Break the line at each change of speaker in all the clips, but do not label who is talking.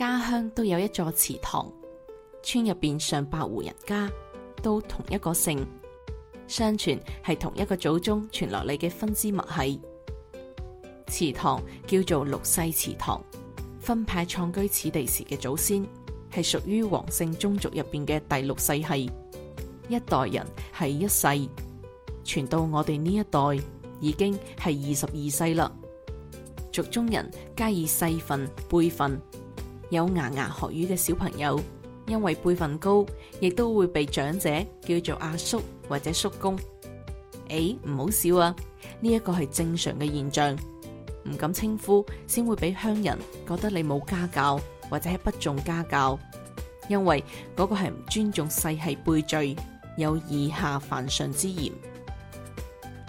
家鄉都有一座祠堂，村入邊上百戶人家都同一個姓，相傳係同一個祖宗傳落嚟嘅分支脈系。祠堂叫做六世祠堂，分派創居此地時嘅祖先係屬於黃姓宗族入邊嘅第六世系。一代人係一世，傳到我哋呢一代已經係二十二世啦。族中人皆以世份輩份。有牙牙學語嘅小朋友，因為輩份高，亦都會被長者叫做阿叔或者叔公。誒、欸，唔好笑啊！呢一個係正常嘅現象，唔敢稱呼，先會俾鄉人覺得你冇家教或者係不重家教，因為嗰個係唔尊重世系輩序，有以下犯上之嫌。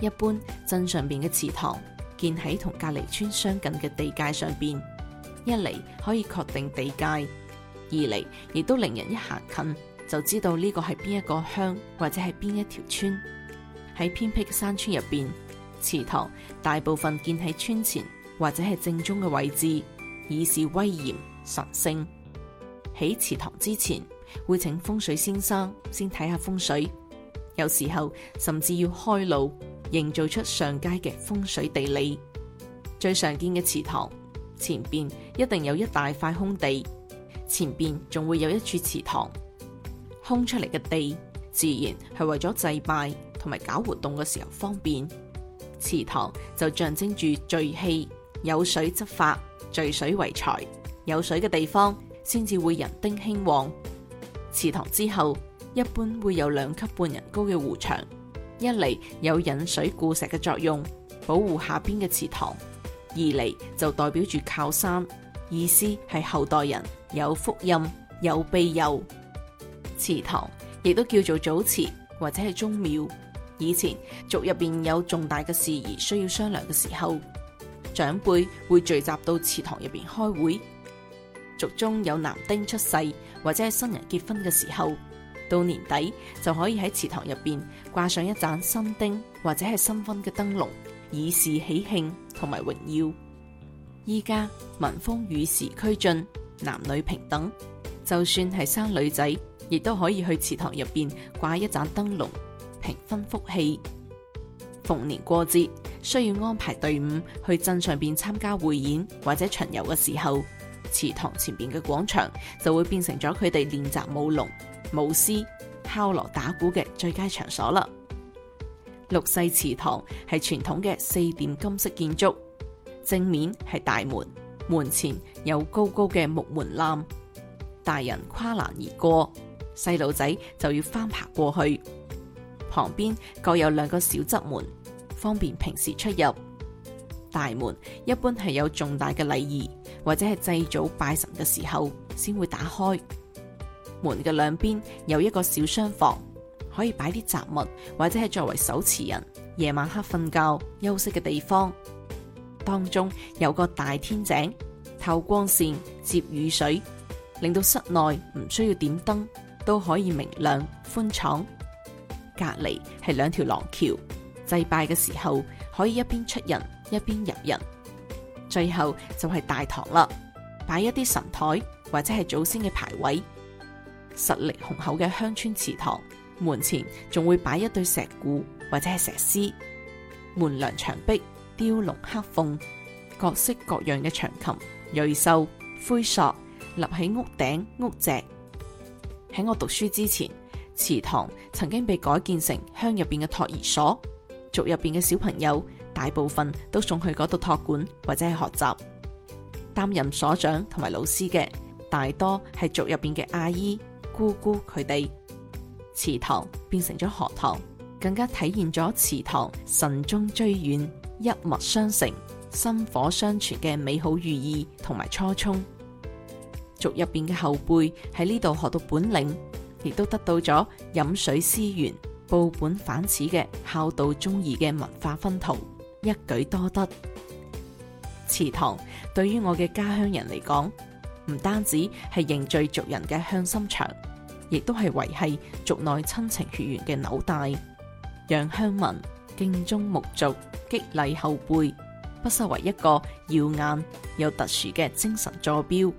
一般鎮上邊嘅祠堂建喺同隔籬村相近嘅地界上邊。一嚟可以確定地界，二嚟亦都令人一行近就知道呢個係邊一個鄉或者係邊一條村。喺偏僻嘅山村入邊，祠堂大部分建喺村前或者係正中嘅位置，以示威嚴神聖。喺祠堂之前會請風水先生先睇下風水，有時候甚至要開路，營造出上佳嘅風水地理。最常見嘅祠堂，前邊一定有一大塊空地，前邊仲會有一處池塘。空出嚟嘅地，自然係為咗祭拜同埋搞活動嘅時候方便。池塘就象徵住聚氣，有水則發、聚水為財，有水嘅地方先至會人丁興，興旺。祠堂之後一般會有兩級半人高嘅護牆，一嚟有引水固石嘅作用，保護下邊嘅祠堂。二嚟就代表住靠山，意思係後代人有福蔭、有庇佑。祠堂亦都叫做祖祠或者係宗廟。以前族入邊有重大嘅事宜需要商量嘅時候，長輩會聚集到祠堂入邊開會。族中有男丁出世或者係新人結婚嘅時候，到年底就可以喺祠堂入邊掛上一盞新丁，或者係新婚嘅燈籠。以示喜慶同埋榮耀。依家民風與時俱進，男女平等，就算係生女仔，亦都可以去祠堂入邊掛一盞燈籠，平分福氣。逢年過節，需要安排隊伍去鎮上邊參加匯演或者巡遊嘅時候，祠堂前邊嘅廣場就會變成咗佢哋練習舞龍、舞獅、敲鑼打鼓嘅最佳場所啦。六世祠堂係傳統嘅四點金式建築，正面係大門，門前有高高嘅木門檻，大人跨欄而過，細路仔就要翻爬過去。旁邊各有兩個小側門，方便平時出入。大門一般係有重大嘅禮儀，或者係祭祖拜神嘅時候先會打開。門嘅兩邊有一個小廂房。可以擺啲雜物，或者係作為守祠人夜晚黑瞓覺休息嘅地方。當中有個大天井，透光線、接雨水，令到室內唔需要點燈都可以明亮寬敞。隔籬係兩條廊橋，祭拜嘅時候可以一邊出人一邊入人。最後就係大堂啦，擺一啲神台或者係祖先嘅牌位。實力雄厚嘅鄉村祠堂。門前仲會擺一對石鼓或者係石獅，門梁牆壁雕龍刻鳳，各式各樣嘅祥禽、瑞獸、灰塑立喺屋頂屋脊。喺我讀書之前，祠堂曾經被改建成鄉入邊嘅托兒所，族入邊嘅小朋友大部分都送去嗰度托管或者係學習。擔任所長同埋老師嘅，大多係族入邊嘅阿姨、姑姑佢哋。祠堂變成咗學堂，更加體現咗祠堂慎終追遠、一脈相承、薪火相傳嘅美好寓意同埋初衷。族入邊嘅後輩喺呢度學到本領，亦都得到咗飲水思源、報本返始嘅孝道忠義嘅文化熏陶，一舉多得。祠堂對於我嘅家鄉人嚟講，唔單止係凝聚族人嘅向心場。亦都係維繫族內親情血緣嘅紐帶，讓鄉民敬宗睦族，激勵後輩，不失為一個耀眼又特殊嘅精神坐標。